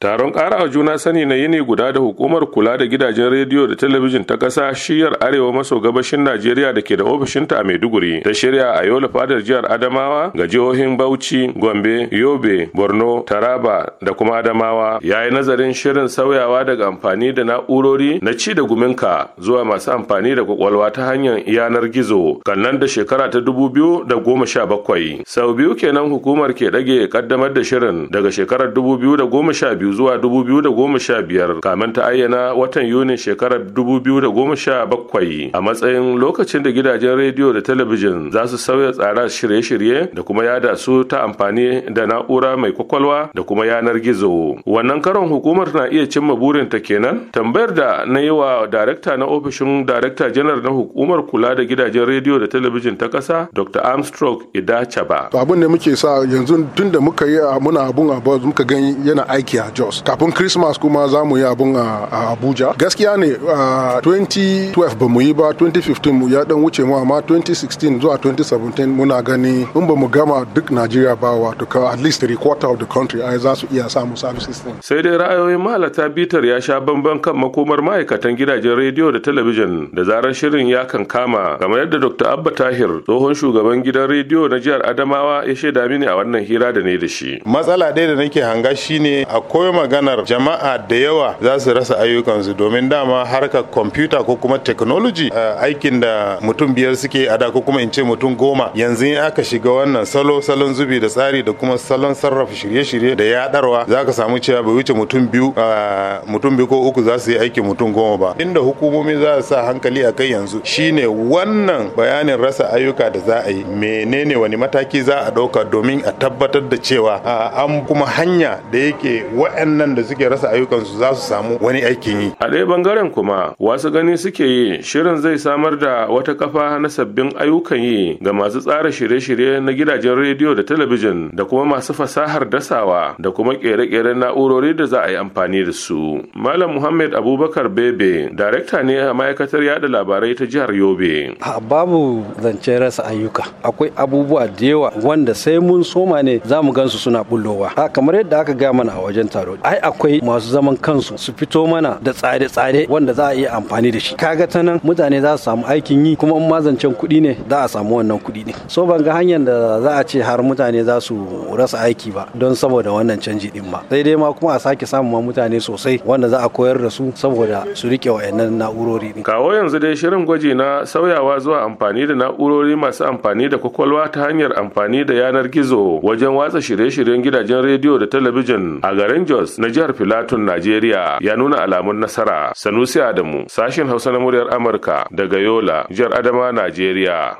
taron ƙara juna sani na yini guda da hukumar kula da gidajen rediyo da talabijin ta ƙasa shiyar arewa maso gabashin najeriya da ke da ofishinta a maiduguri ta shirya a yola fadar jihar adamawa ga jihohin bauchi gombe yobe borno taraba da kuma adamawa ya yi nazarin shirin sauyawa daga amfani da na'urori na ci da guminka zuwa masu amfani da kwakwalwa ta hanyar yanar gizo kan da shekara ta dubu biyu da goma sha bakwai sau biyu kenan hukumar ke ɗage ƙaddamar da shirin daga shekarar dubu biyu da goma sha biyu zuwa dubu biyu sha biyar kamin ta ayyana watan yunin shekarar dubu a matsayin lokacin da gidajen rediyo da talabijin za su sauya tsara shirye-shirye da kuma yada su ta amfani da na'ura mai kwakwalwa da kuma yanar gizo wannan karon hukumar na iya cimma burin ta kenan tambayar da na yi wa darakta na ofishin darakta janar na hukumar kula da gidajen rediyo da talabijin ta kasa dr armstrong idachaba abin da muke sa yanzu tun da muka yi muna abun abu muka gani yana aiki a Jos kafin Christmas kuma za mu yi abun a Abuja gaskiya ne 2012 ba mu yi ba 2015 mu ya dan wuce mu amma 2016 zuwa 2017 muna gani in ba mu gama duk Najeriya ba wato ka at least three quarter of the country ai za su iya samu services din sai dai ra'ayoyin malata bitar ya sha bamban kan makomar ma'aikatan gidajen rediyo da talabijin da zarar shirin ya kan kama kamar yadda Dr. Abba Tahir tsohon shugaban gidan rediyo na jihar Adamawa ya shaida mini a wannan hira da ne da shi matsala ɗaya da nake hanga shine akwai akwai maganar jama'a da yawa za su rasa ayyukansu domin dama harkar kwamfuta ko kuma technology eh, aikin da mutum biyar suke a da ko kuma in ce mutum goma yanzu in aka shiga wannan salo salon zubi da tsari da kuma salon sarrafa shirye-shirye da yadarwa za ka samu cewa bai wuce mutum biyu eh, mutum biyu ko uku za su yi aikin mutum goma ba inda hukumomi za su sa hankali a kai yanzu shine wannan bayanin rasa ayyuka da za a yi menene wani mataki za a ɗauka domin a tabbatar da cewa eh, an kuma hanya da yake nan da suke rasa ayyukansu za su samu wani aikin yi. A ɗaya bangaren kuma wasu gani suke yi shirin zai samar da wata kafa na sabbin ayyukan yi ga masu tsara shirye-shirye na gidajen rediyo da talabijin da kuma masu fasahar dasawa da kuma ƙere keren na'urori da za a yi amfani da su. Malam Muhammad Abubakar Bebe, darekta ne a ma'aikatar yada labarai ta jihar Yobe. Babu zance rasa ayyuka. Akwai abubuwa da yawa wanda sai mun soma ne za mu gansu suna bullowa. Kamar yadda aka gaya mana a wajen ta taro ai akwai masu zaman kansu su fito mana da tsare-tsare wanda za a iya amfani da shi kaga ta nan mutane za su samu aikin yi kuma in mazancen kuɗi ne za a samu wannan kuɗi ne so ban ga hanyar da za a ce har mutane za su rasa aiki ba don saboda wannan canji din ba sai dai ma kuma a sake samun ma mutane sosai wanda za a koyar da su saboda su rike wayannan na'urori din kawo yanzu dai shirin gwaji na sauyawa zuwa amfani da na'urori masu amfani da kwakwalwa ta hanyar amfani da yanar gizo wajen watsa shirye-shiryen gidajen rediyo da talabijin a garin Jos na jihar Filaton Najeriya ya nuna alamun nasara. Sanusi Adamu, sashen Hausa na muryar Amurka daga Yola, jihar Adama, Najeriya.